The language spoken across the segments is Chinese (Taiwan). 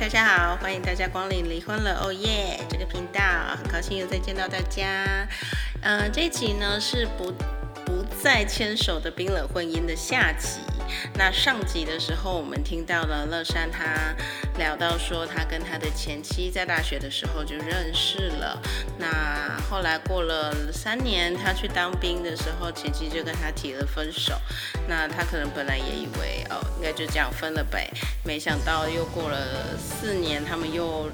大家好，歡迎大家光臨《離婚了》哦耶！這個頻道很高興又再見到大家。嗯、呃，這集呢是不不再牽手的冰冷婚姻的下集。那上集的時候，我們聽到了樂山他聊到說，他跟他的前妻在大學的時候就認識了。那後來過了三年，他去當兵的時候，前妻就跟他提了分手。那他可能本來也以為哦，應該就這樣分了唄，沒想到又過了四年，他們又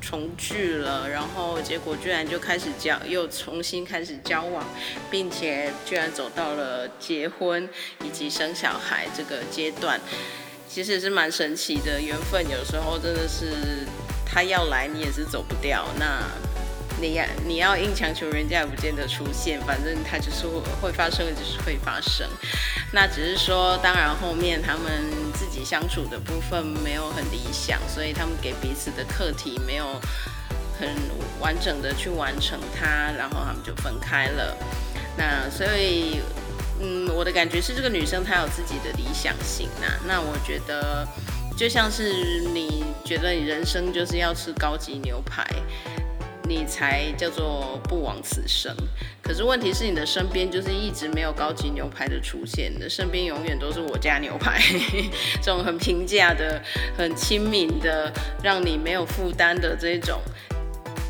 重聚了，然後結果居然就開始交，又重新開始交往，並且居然走到了結婚以及生小孩這個階段，其實是蠻神奇的，緣分有時候真的是他要來，你也是走不掉。那。你你要硬強求人家也不見得出現，反正它就是會發生的，就是會發生。那只是說，當然後面他們自己相處的部分沒有很理想，所以他們給彼此的課題沒有很完整的去完成它，然後他們就分開了。那所以，嗯，我的感覺是這個女生她有自己的理想型啊。那我覺得就像是你覺得你人生就是要吃高級牛排。你才叫做不枉此生。可是問題是，你的身邊就是一直沒有高級牛排的出現，你的身邊永遠都是我家牛排，呵呵，這種很平價的、很親民的、讓你沒有負擔的這一種，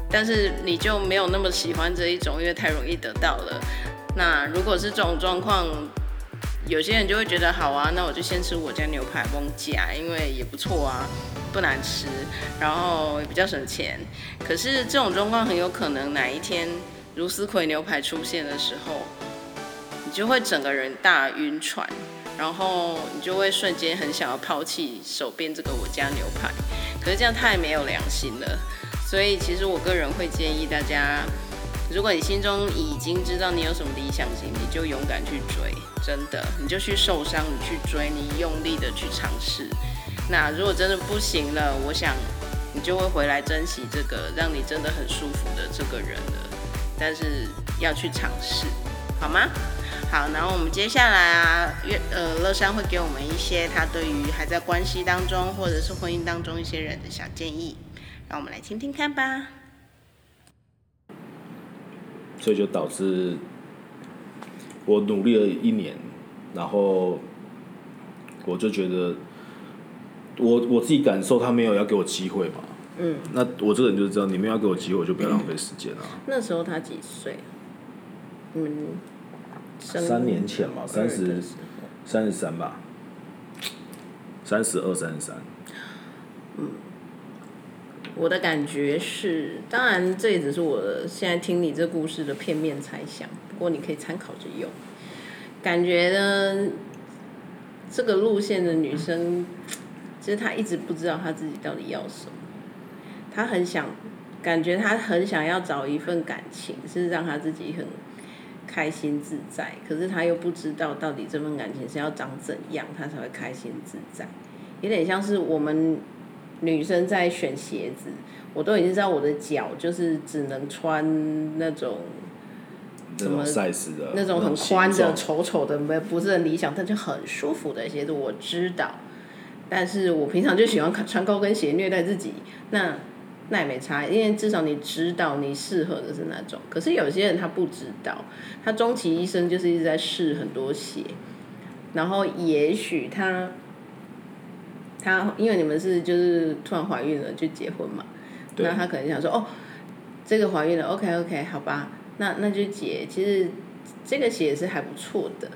但是你就沒有那麼喜歡這一種，因為太容易得到了。那如果是這種狀況，有些人就會覺得好啊，那我就先吃我家牛排翁甲，因為也不錯啊，不難吃，然後也比較省錢。可是這種狀況很有可能哪一天茹絲葵牛排出現的時候，你就會整個人大暈船，然後你就會瞬間很想要拋棄手邊這個我家牛排。可是這樣太沒有良心了，所以其實我個人會建議大家，如果你心中已經知道你有什麼理想型，你就勇敢去追，真的，你就去受傷，你去追，你用力的去嘗試。那如果真的不行了，我想你就會回來珍惜這個讓你真的很舒服的這個人了。但是要去嘗試，好嗎？好，然後我們接下來啊，樂、呃、樂山會給我們一些他對於還在關係當中或者是婚姻當中一些人的小建議，讓我們來聽聽看吧。所以就導致我努力了一年，然後我就覺得我我自己感受他沒有要給我機會嘛。嗯。那我這個人就是這樣，你沒有要給我機會，我就不要浪費時間啦。嗯。那時候他幾歲？嗯，三年前吧，三十三十三吧，三十二三十三。32，嗯。我的感覺是，當然這也只是我現在聽你這故事的片面猜想，不過你可以參考着用。感覺呢，這個路線的女生，其實她一直不知道她自己到底要什麼。她很想，感覺她很想要找一份感情，是讓她自己很開心自在。可是她又不知道到底這份感情是要長怎樣，她才會開心自在。有點像是我們。女生在選鞋子，我都已經知道我的腳就是只能穿那種什麼，那種 size 的，那種很寬的、醜醜的，沒不是很理想，但就很舒服的鞋子我知道。但是我平常就喜歡穿高跟鞋虐待自己，那那也沒差，因為至少你知道你適合的是哪種。可是有些人他不知道，他終其一生就是一直在試很多鞋，然後也許他。他因為你們是就是突然懷孕了就結婚嘛，對那他可能想說哦，這個懷孕了，OK OK，好吧，那那就結。其實這個鞋也是還不錯的，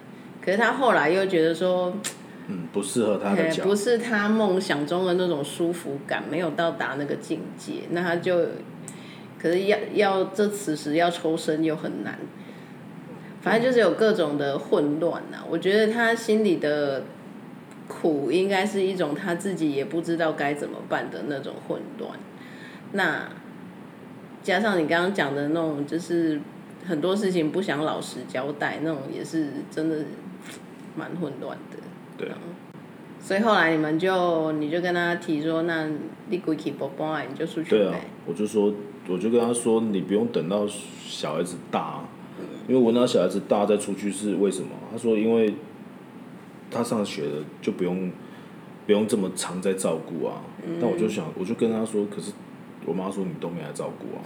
可是他後來又覺得說，嗯，不適合他的腳，哎，不是他夢想中的那種舒服感，沒有到達那個境界，那他就，可是要要這此時要抽身又很難，反正就是有各種的混亂吶，啊，嗯、我覺得他心裡的。苦應該是一種他自己也不知道該怎麼辦的那種混亂，那加上你剛剛講的那種，就是很多事情不想老實交代，那種也是真的蠻混亂的。對、啊。嗯、所以後來你們就，你就跟他提說，那你回去不辦，你就出去唄。對啊，我就說，我就跟他說，你不用等到小孩子大，因為我問他小孩子大再出去是為什麼？他說，因為。他上學了，就不用不用這麼常在照顧啊。嗯、但我就想，我就跟他說，可是我媽說你都沒來照顧啊，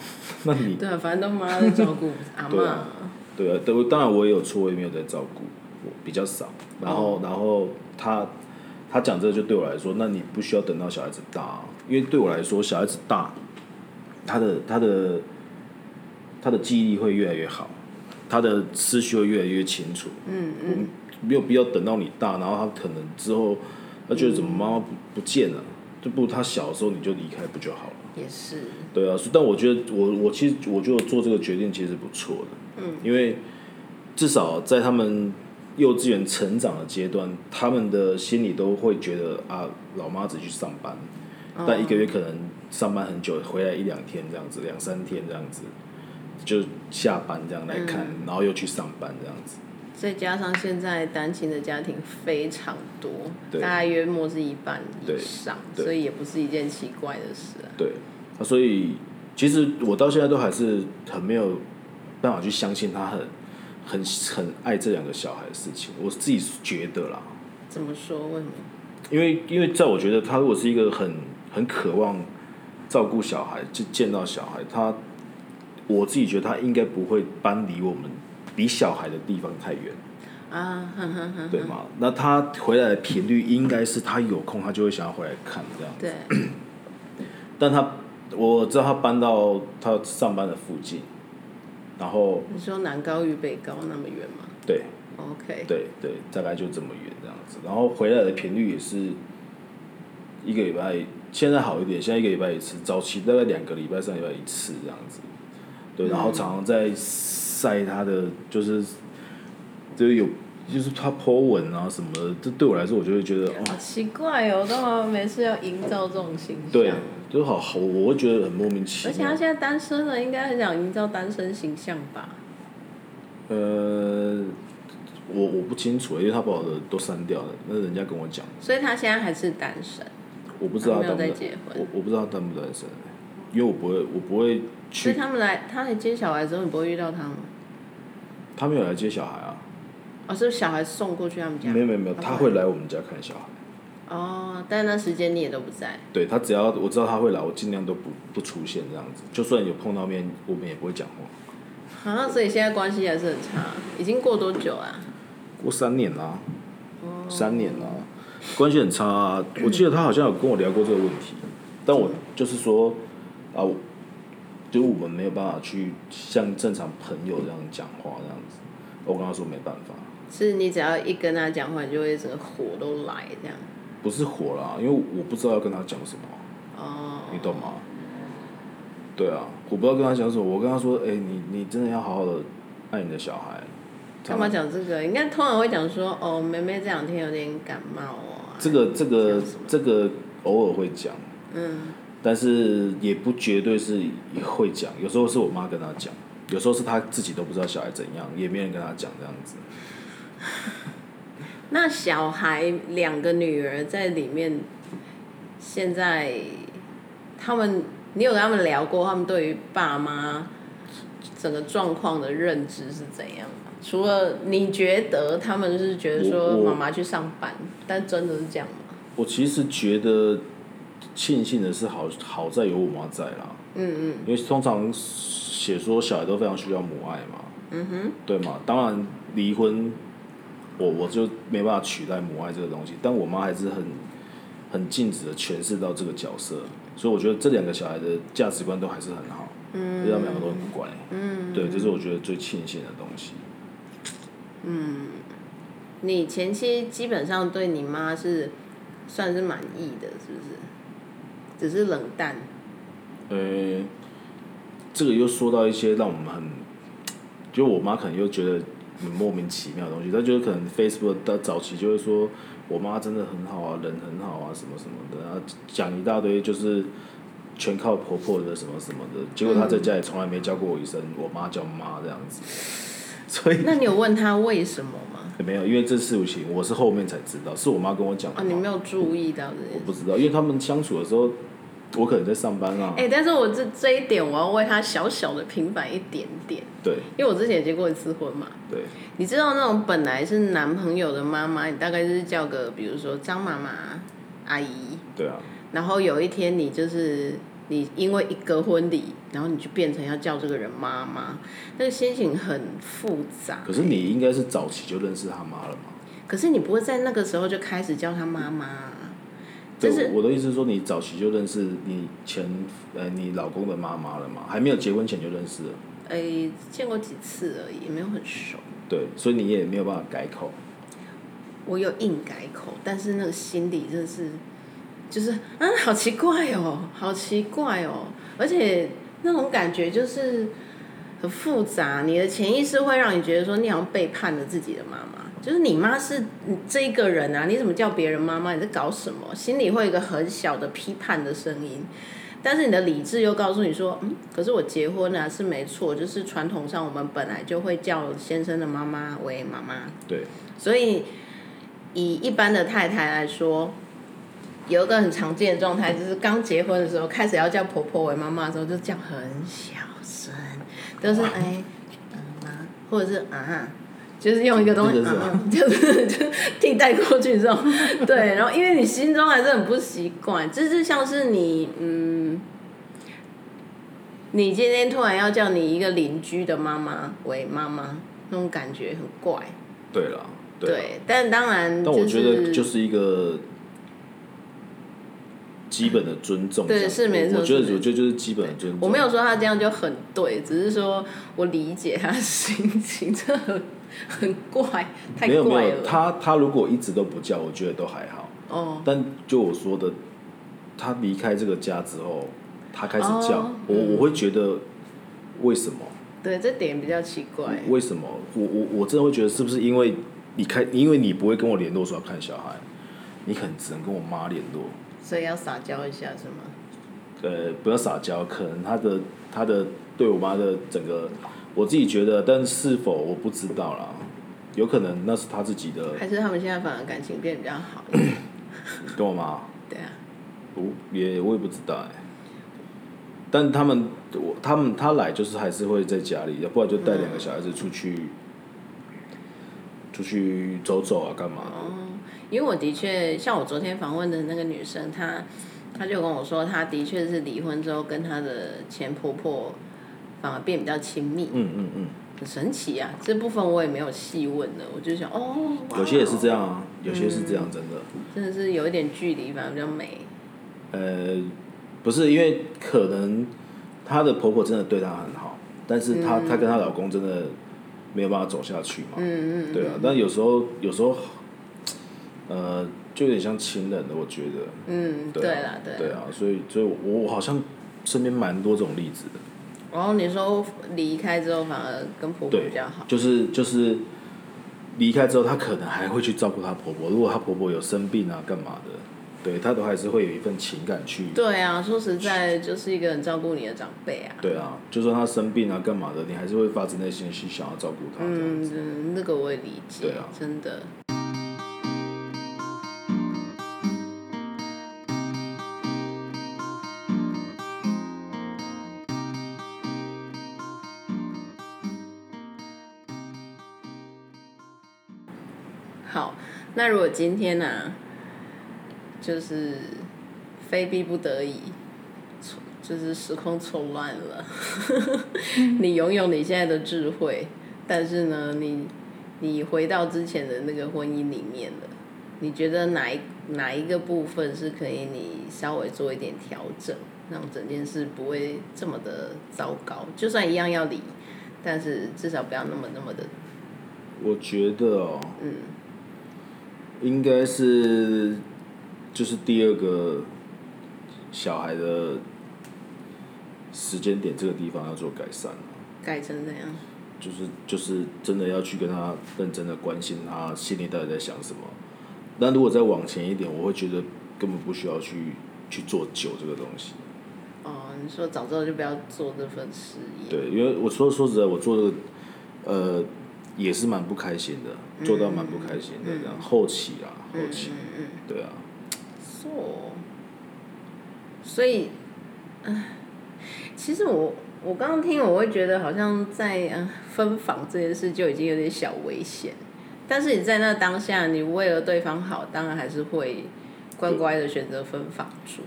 那你，對啊，反正都媽在照顧 阿嬤 對啊，對啊，對，當然我也有錯，我也沒有在照顧，我比較少。然後，嗯、然後他他講這個就對我來說，那你不需要等到小孩子大啊，因為對我來說小孩子大，他的他的他的記憶力會越來越好，他的思緒會越來越清楚。嗯嗯。嗯沒有必要等到你大，然後他可能之後他覺得怎麼媽媽不不見了、啊，嗯、就不他小的時候你就離開不就好了？也是。對啊，但我覺得我我其實我覺得做這個決定，其實不錯的。嗯。因為至少在他們幼稚園成長的階段，他們的心裡都會覺得啊，老媽子去上班，哦、但一個月可能上班很久，回來一兩天這樣子，兩三天這樣子，就下班這樣來看，嗯、然後又去上班這樣子。再加上現在單親的家庭非常多，大概約莫是一半以上，所以也不是一件奇怪的事啊。對，對，所以其實我到現在都還是很沒有辦法去相信他很很很愛這兩個小孩的事情。我自己覺得啦，怎麼說？問你？因為因為在我覺得他如果是一個很很渴望照顧小孩、就見到小孩，他我自己覺得他應該不會搬離我們。比小孩的地方太遠，啊，哼哼哼哼，對嘛？那他回來的頻率應該是他有空，他就會想要回來看這樣。對。但他我知道他搬到他上班的附近，然後你說南高與北高那麼遠嗎？對。OK。對對，大概就這麼遠這樣子。然後回來的頻率也是一個禮拜，現在好一點，現在一個禮拜一次，早期大概兩個禮拜、三個禮拜一次這樣子。對，嗯，然後常常在。在意他的就是，就是有，就是他 Po 文啊什麼的，這對我來說，我就會覺得好奇怪哦，我幹嘛每次要營造這種形象？對，就好好，我會覺得很莫名其妙。而且他現在單身了，應該很想營造單身形象吧？呃，我我不清楚，因為他把我的都刪掉了，那人家跟我講，所以他現在還是單身。我不知道他沒有再結婚。我我不知道單不單身，因為我不會，我不會去。所以他們來，他來接小孩之後，你不會遇到他嗎？他沒有來接小孩啊。哦，是不是小孩送過去他們家？沒有沒有沒有，Okay. 他會來我們家看小孩。哦，oh, 但那時間你也都不在。對，他只要我知道他會來，我盡量都不不出現這樣子。就算有碰到面，我們也不會講話。啊，所以現在關係還是很差。已經過多久啊？過三年啦。Oh. 三年啦，關係很差啊。我記得他好像有跟我聊過這個問題，嗯，但我就是說，啊。我就我們沒有辦法去像正常朋友這樣講話這樣子，我跟他說沒辦法。是，你只要一跟他講話，你就會整個火都來這樣。不是火啦，因為我不知道要跟他講什麼。哦。你懂嗎？對啊，我不知道跟他講什麼。我跟他說：“哎、欸，你你真的要好好的愛你的小孩。”幹嘛講這個？應該通常會講說：“哦，妹妹這兩天有點感冒啊、哦。”這個這個這個偶爾會講。嗯。但是也不絕對是會講，有時候是我媽跟他講，有時候是他自己都不知道小孩怎樣，也沒人跟他講這樣子。那小孩兩個女兒在裡面，現在，他們你有跟他們聊過，他們對於爸媽整個狀況的認知是怎樣嗎？除了你覺得他們是覺得說媽媽去上班，但真的是這樣嗎？我其實覺得。.慶幸的是好，好好在有我媽在啦。嗯嗯。因為通常寫說小孩都非常需要母愛嘛。嗯哼。對嘛？當然離婚我，我我就沒辦法取代母愛這個東西，但我媽還是很很盡職的詮釋到這個角色，所以我覺得這兩個小孩的價值觀都還是很好，嗯，因為他們兩個都很乖。嗯，嗯。對，這、就是我覺得最慶幸的東西。嗯，你前妻基本上對你媽是算是滿意的，是不是？只是冷淡。呃、欸，這個又說到一些讓我們很，就我媽可能又覺得很莫名其妙的東西。她就是可能 Facebook 的早期就會說，我媽真的很好啊，人很好啊，什麼什麼的，然後講一大堆，就是全靠婆婆的什麼什麼的。結果她在家裡從來沒叫過我一聲，嗯、我媽叫媽這樣子。所以那你有問她為什麼嗎？沒有，因為這事情我是後面才知道，是我媽跟我講的、啊。你沒有注意到的，我不知道，因為他們相處的時候。我可能在上班啊。哎、欸，但是我這這一點，我要為他小小的平反一點點。對。因為我之前也結過一次婚嘛。對。你知道那種本來是男朋友的媽媽，你大概就是叫個，比如說張媽媽阿姨。對啊。然後有一天，你就是你因為一個婚禮，然後你就變成要叫這個人媽媽，那個心情很複雜、欸。可是你應該是早期就認識他媽了嘛？可是你不會在那個時候就開始叫他媽媽。嗯對是我的意思是說，你早期就認識你前，呃，你老公的媽媽了嘛？還沒有結婚前就認識了。誒，見過幾次而已，也沒有很熟。對，所以你也沒有辦法改口。我有硬改口，但是那個心理真的是，就是啊，好奇怪哦，好奇怪哦，而且那種感覺就是很複雜。你的潛意識會讓你覺得說，你好像背叛了自己的媽媽。就是你媽是這一個人啊，你怎麼叫別人媽媽？你在搞什麼？心裡會有一個很小的批判的聲音，但是你的理智又告訴你說，嗯，可是我結婚呢是沒錯，就是傳統上我們本來就會叫先生的媽媽為媽媽。對。所以，以一般的太太來說，有一個很常見的狀態，就是剛結婚的時候，開始要叫婆婆為媽媽的時候，就叫很小聲，都是哎，嗯媽、啊，或者是啊。就是用一個東西，是媽媽就是就替代過去這種，對，然後因為你心中還是很不習慣，就是像是你嗯，你今天突然要叫你一個鄰居的媽媽為媽媽，那種感覺很怪。對啦，對啦，對，但當然，就是，但我覺得就是一個基本的尊重。對，是沒錯。我覺得，我覺得就是基本的尊重。我沒有說他這樣就很對，只是說我理解他的心情。很怪，太怪了。沒有沒有，他他如果一直都不叫，我覺得都還好。哦。但就我說的，他離開這個家之後，他開始叫。哦。嗯。我我會覺得為什麼？對，這點比較奇怪。為什麼？我我我真的會覺得，是不是因為你開，因為你不會跟我聯絡說要看小孩，你可能只能跟我媽聯絡。所以要撒嬌一下是嗎？呃，不要撒嬌，可能他的他的對我媽的整個。我自己覺得，但是否我不知道啦，有可能那是他自己的，還是他們現在反而感情變得比較好？懂 嗎？跟我媽 對啊。我也，我也不知道哎、欸。但他們，他們他來就是還是會在家裡，要不然就帶兩個小孩子出去，嗯、出去走走啊，幹嘛？哦，因為我的確，像我昨天訪問的那個女生，她，她就跟我說，她的確是離婚之後跟她的前婆婆。反而變比較親密，嗯。嗯嗯嗯。很神奇啊，這部分我也沒有細問的，我就想哦。有些也是這樣啊，有些是這樣，嗯、真的。真的是有一點距離，反而比較美。呃，不是因為可能她的婆婆真的對她很好，但是她她，嗯、跟她老公真的沒有辦法走下去嘛。嗯嗯，對啊，但有時候有時候，呃，就有點像情人的，我覺得。嗯，對了、啊、對啊。對啊，所以，所以就我，我好像身邊蠻多這種例子的。然後、哦、你說離開之後反而跟婆婆比較好，就是就是離開之後，她可能還會去照顧她婆婆。如果她婆婆有生病啊、幹嘛的，對她都還是會有一份情感去。對啊，說實在，就是一個很照顧你的長輩啊。對啊，就說她生病啊、幹嘛的，你還是會發自內心去想要照顧她。嗯，這樣子的，嗯，那個我也理解，啊、真的。那如果今天呢，啊，就是非逼不得已，就是時空錯亂了。 你擁有你現在的智慧，但是呢，你你回到之前的那個婚姻裡面了，你覺得哪一哪一個部分是可以你稍微做一點調整，讓整件事不會這麼的糟糕？就算一樣要離，但是至少不要那麼那麼的。我覺得哦。嗯。應該是，就是第二個小孩的時間點，這個地方要做改善。改成怎樣？就是就是真的要去跟他認真的關心他心裡到底在想什麼。但如果再往前一點，我會覺得根本不需要去去做酒這個東西。哦，你說早知道就不要做這份事業。對，因為我說說實在，我做這個，呃。也是蠻不開心的，做到蠻不開心的然後、嗯嗯、後期啊，後期，嗯嗯嗯、對啊。So, 所以、呃，其實我我剛剛聽，我會覺得好像在、呃、分房這件事就已經有點小危險。但是你在那當下，你為了對方好，當然還是會乖乖的選擇分房住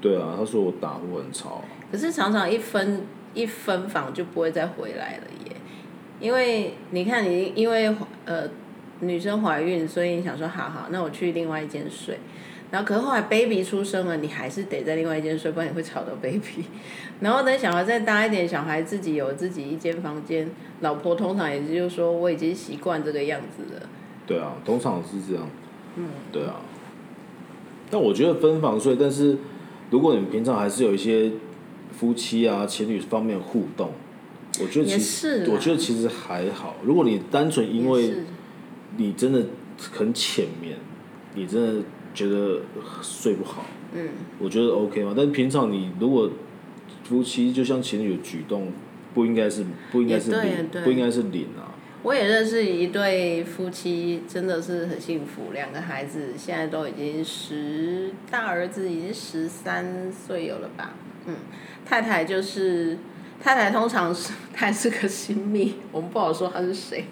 對。對啊，他說我打呼很吵。可是常常一分一分房就不會再回來了。因為你看，你因為呃女生懷孕，所以你想說好好，那我去另外一間睡。然後可是後來 baby 出生了，你還是得在另外一間睡，不然你會吵到 baby。然後等小孩再大一點，小孩自己有自己一間房間，老婆通常也就是說我已經習慣這個樣子了。對啊，通常是這樣。嗯。對啊。但我覺得分房睡，但是如果你們平常還是有一些夫妻啊，情侶方面互動。我覺得其實，我覺得其實還好。如果你單純因為，你真的很淺眠，你真的覺得睡不好，是嗯，我覺得 OK 嘛。但是平常你如果夫妻就像情侶有舉動，不應該是，不應該是對對，不應該是零啊。我也認識一對夫妻，真的是很幸福，兩個孩子現在都已經十，大兒子已經十三歲有了吧，嗯，太太就是。太太通常是，她還是個新秘，我們不好說她是誰。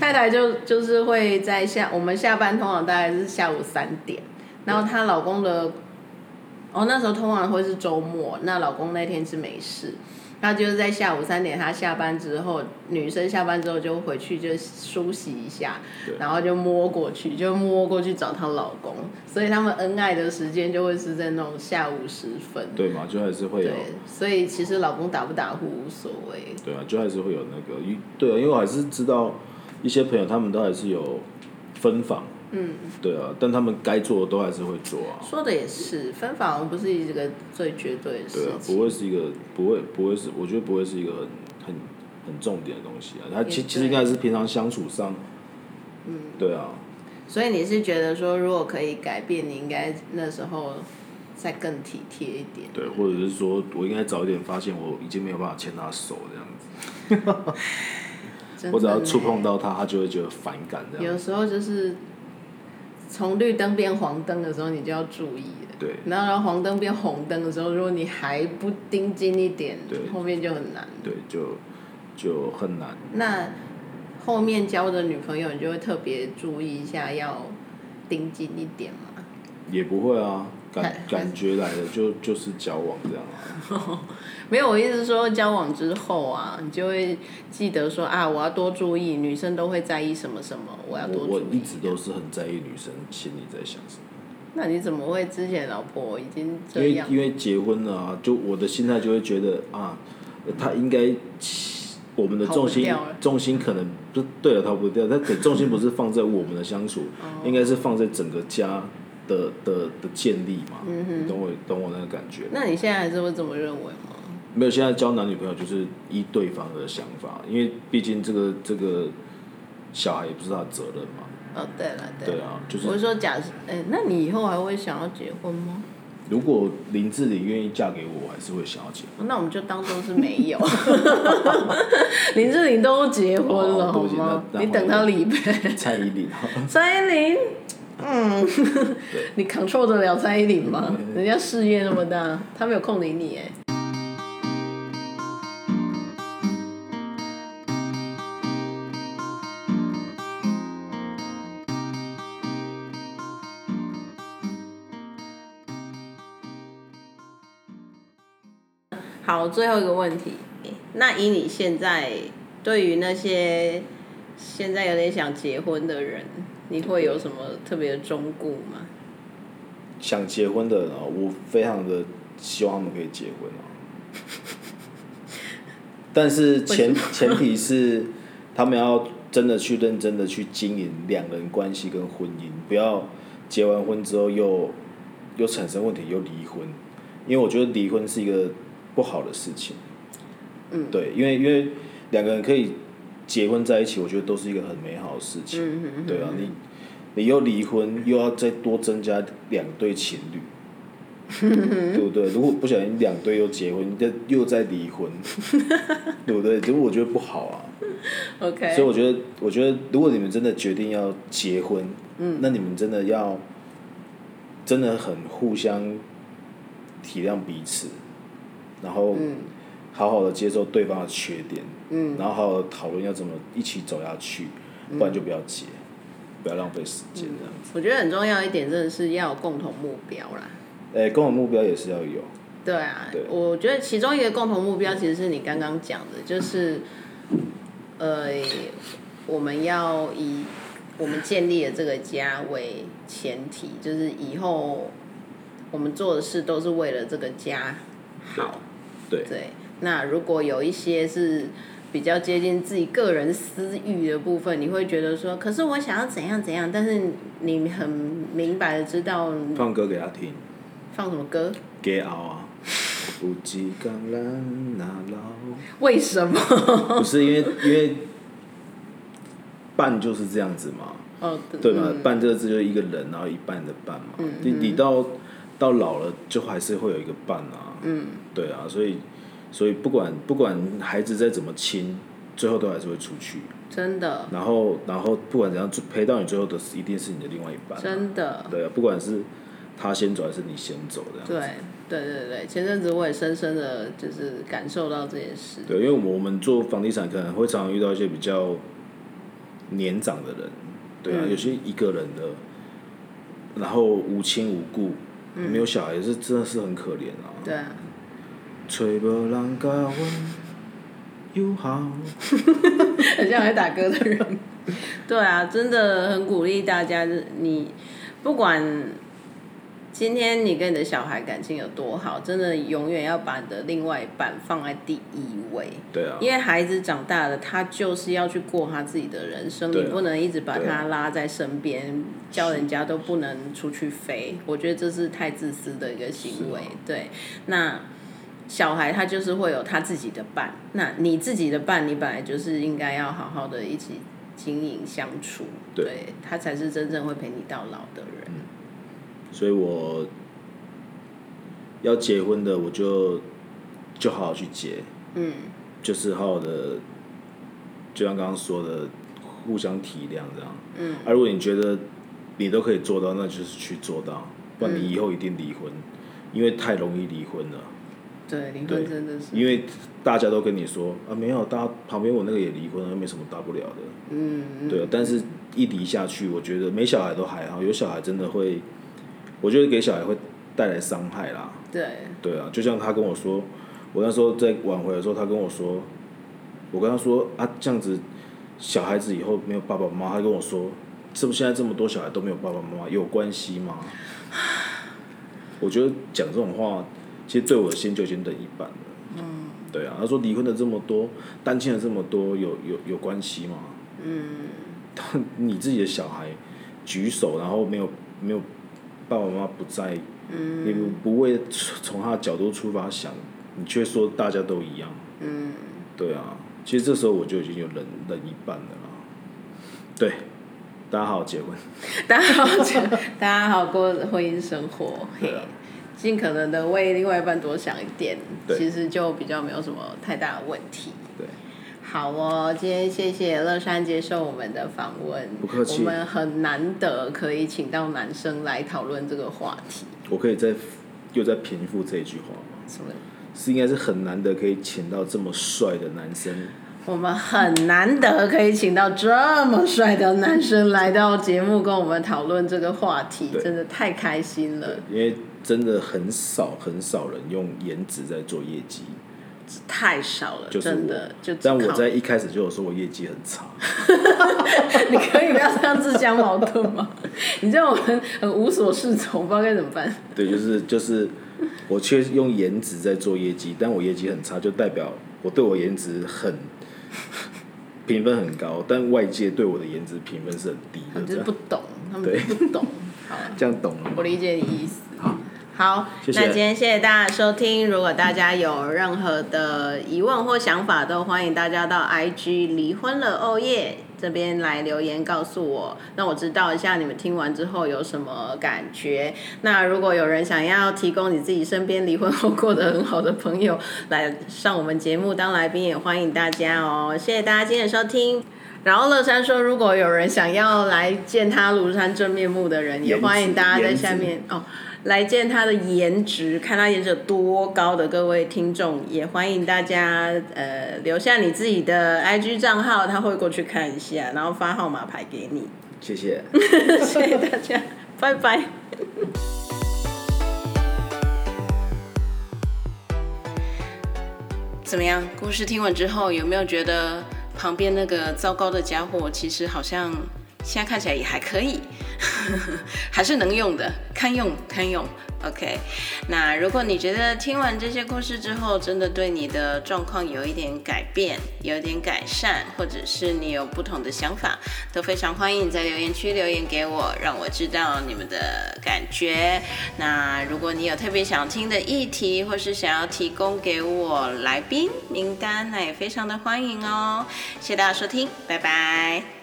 太太就就是會在下，我們下班通常大概是下午三點，然後她老公的，對哦那時候通常會是週末，那老公那天是沒事。他就是在下午三點，他下班之後，女生下班之後就回去就梳洗一下，對然後就摸過去，就摸過去找她老公，所以他們恩愛的時間就會是在那種下午時分。對嘛？就還是會有對。所以其實老公打不打呼無所謂。對啊，就還是會有那個，對啊，因為我還是知道一些朋友，他們都還是有分房。嗯，對啊，但他們該做的都還是會做啊。說的也是，分房不是一個最絕對的事情。對啊，不會是一個，不會不會是，我覺得不會是一個很很很重點的東西啊。他其其實應該是平常相處上。對，對啊。所以你是覺得說，如果可以改變，你應該那時候再更體貼一點啊。對，或者是說我應該早一點發現，我已經沒有辦法牽他手這樣子。 欸，我只要觸碰到他，他就會覺得反感。這樣，有時候就是。從綠燈變黃燈的時候，你就要注意了。對，然後，然後黃燈變紅燈的時候，如果你還不盯緊一點，對後面就很難。對，就就很難。那後面交的女朋友，你就會特別注意一下，要盯緊一點嗎？也不會啊。感，感覺來的就就是交往這樣，沒有我意思說交往之後啊，你就會記得說啊，我要多注意女生都會在意什麼什麼，我要多注意。我一直都是很在意女生心裡在想什麼。那你怎麼會之前老婆已經因為因為結婚了啊，就我的心態就會覺得啊，她應該我們的重心重心可能不對了，逃不掉，她可重心不是放在我們的相處，應該是放在整個家。的的的建立嘛，嗯、哼你懂我懂我那個感覺。那你現在還是會這麼認為嗎？沒有，現在交男女朋友就是依對方的想法，因為畢竟這個這個小孩也不是他的責任嘛。哦、對了，對，啦對啊，就是我說假設，哎、欸，那你以後還會想要結婚嗎？如果林志玲願意嫁給我，我還是會想要結婚。婚、哦。那我們就當做是沒有， 林志玲都結婚了，哦哦、你等到禮拜蔡依林，蔡依林。 嗯，對 你 control 得了蔡依林嗎？嗯、人家事業那麼大， 他沒有空理你誒。好，最後一個問題，那以你現在對於那些現在有點想結婚的人。你會有什麼特別的忠告嗎？想結婚的人啊、哦，我非常的希望他們可以結婚啊、哦， 但是前前提是他們要真的去認真的去經營兩人關係跟婚姻，不要結完婚之後又又產生問題又離婚，因為我覺得離婚是一個不好的事情。嗯。對，因為因為兩個人可以。結婚在一起，我覺得都是一個很美好的事情，對啊，你，你又離婚，又要再多增加兩對情侶， 對不對？如果不小心兩對又結婚，你再又再離婚， 對不對？如果我覺得不好啊。OK。所以我覺得，我覺得如果你們真的決定要結婚，嗯，那你們真的要，真的很互相體諒彼此，然後，好好的接受對方的缺點。嗯，然後還有討論要怎麼一起走下去，不然就不要結，嗯、不要浪費時間這樣子。我覺得很重要一點，真的是要有共同目標啦。哎、欸，共同目標也是要有。對啊。對。我覺得其中一個共同目標，其實是你剛剛講的，嗯、就是，呃，我們要以我們建立的這個家為前提，就是以後我們做的事都是為了這個家好。對。對，對。那如果有一些是。比較接近自己個人私欲的部分，你會覺得說，可是我想要怎樣怎樣，但是你很明白的知道放。放歌給他聽。放什麼歌？給熬啊！不羈剛來那老。為什麼？ 不是因為因為，伴就是這樣子嘛。哦。對吧？伴這個字就是一個人，然後一半的半嘛。你、嗯嗯、你到到老了，就還是會有一個伴啊。嗯。對啊，所以。所以不管不管孩子再怎麼親，最後都還是會出去。真的。然後然後不管怎樣，陪到你最後的一定是你的另外一半啊。真的。對啊，不管是他先走還是你先走這樣子。對對對對，前陣子我也深深的就是感受到這件事。對，因為我們做房地產，可能會常常遇到一些比較年長的人，對啊，嗯，有些一個人的，然後無親無故，嗯，沒有小孩是，是真的是很可憐啊。對啊。找無人甲我有好。 很像愛打歌的人。對啊，真的很鼓勵大家。你不管今天你跟你的小孩感情有多好，真的永遠要把你的另外一半放在第一位。對啊。因為孩子長大了，他就是要去過他自己的人生，你不能一直把他拉在身邊，叫人家都不能出去飛。我覺得這是太自私的一個行為。是啊、對，那。小孩他就是會有他自己的伴，那你自己的伴，你本來就是應該要好好的一起經營相處，對，對他才是真正會陪你到老的人。嗯、所以我要結婚的，我就就好好去結，嗯，就是好好的，就像剛剛說的，互相體諒這樣，嗯。而、啊、如果你覺得你都可以做到，那就是去做到，不然你以後一定離婚，嗯、因為太容易離婚了。對，離婚真的是，對，因為大家都跟你說啊，沒有，大家旁邊我那個也離婚，又沒什麼大不了的。嗯嗯。對，但是一離下去，我覺得沒小孩都還好，有小孩真的會，我覺得給小孩會帶來傷害啦。對。對啊，就像他跟我說，我那時候在挽回的時候，他跟我說，我跟他說啊，這樣子小孩子以後沒有爸爸媽媽，他跟我說，是不是現在這麼多小孩都沒有爸爸媽媽，有關係嗎？唉我覺得講這種話。其實對我心就先冷一半了，嗯、對啊，他說離婚的這麼多，單親的這麼多，有有有關係嗎？嗯，你自己的小孩舉手，然後沒有沒有爸爸媽媽不在，你、嗯、不為從他的角度出發想，你卻說大家都一樣，嗯，對啊，其實這時候我就已經有冷冷一半了，對，大家好，結婚，大家好，結婚。 大家好，過婚姻生活，對、啊。盡可能的為另外一半多想一點，對其實就比較沒有什麼太大的問題。對好哦，今天謝謝樂山接受我們的訪問。不客氣。我們很難得可以請到男生來討論這個話題。我可以再又再平復這一句話嗎？是對是應該是很難得可以請到這麼帥的男生。我們很難得可以請到這麼帥的男生來到節目，跟我們討論這個話題，對真的太開心了。因為真的很少很少人用顏值在做業績，太少了，真的就。但我在一開始就有說，我業績很差。 你可以不要這樣自相矛盾嗎？你知道我們很，很無所適從，我不知道該怎麼辦。對，就是就是，我確實用顏值在做業績，但我業績很差，就代表我對我顏值很評分很高，但外界對我的顏值評分是很低的。他們就是不懂，樣他們不懂。對 好，這樣懂了。我理解你意思。好。好，謝謝，那今天謝謝大家的收聽。如果大家有任何的疑問或想法，都歡迎大家到 I G 離婚了哦耶這邊來留言告訴我，那我知道一下你們聽完之後有什麼感覺。那如果有人想要提供你自己身邊離婚後過得很好的朋友來上我們節目當來賓，也歡迎大家哦。謝謝大家今天的收聽。然後樂山說，如果有人想要來見他廬山真面目的人，也歡迎大家在下面哦。來見他的顏值，看他顏值有多高的各位聽眾，也歡迎大家呃留下你自己的 IG 賬號，他會過去看一下，然後發號碼牌給你。謝謝， 謝謝大家， 拜拜。怎麼樣？故事聽完之後，有沒有覺得旁邊那個糟糕的家伙其實好像？現在看起來也還可以，呵呵，還是能用的，堪用堪用。OK，那如果你覺得聽完這些故事之後，真的對你的狀況有一點改變，有一點改善，或者是你有不同的想法，都非常歡迎你在留言區留言給我，讓我知道你們的感覺。那如果你有特別想聽的議題，或是想要提供給我來賓名單，那也非常的歡迎哦。謝謝大家收聽，拜拜。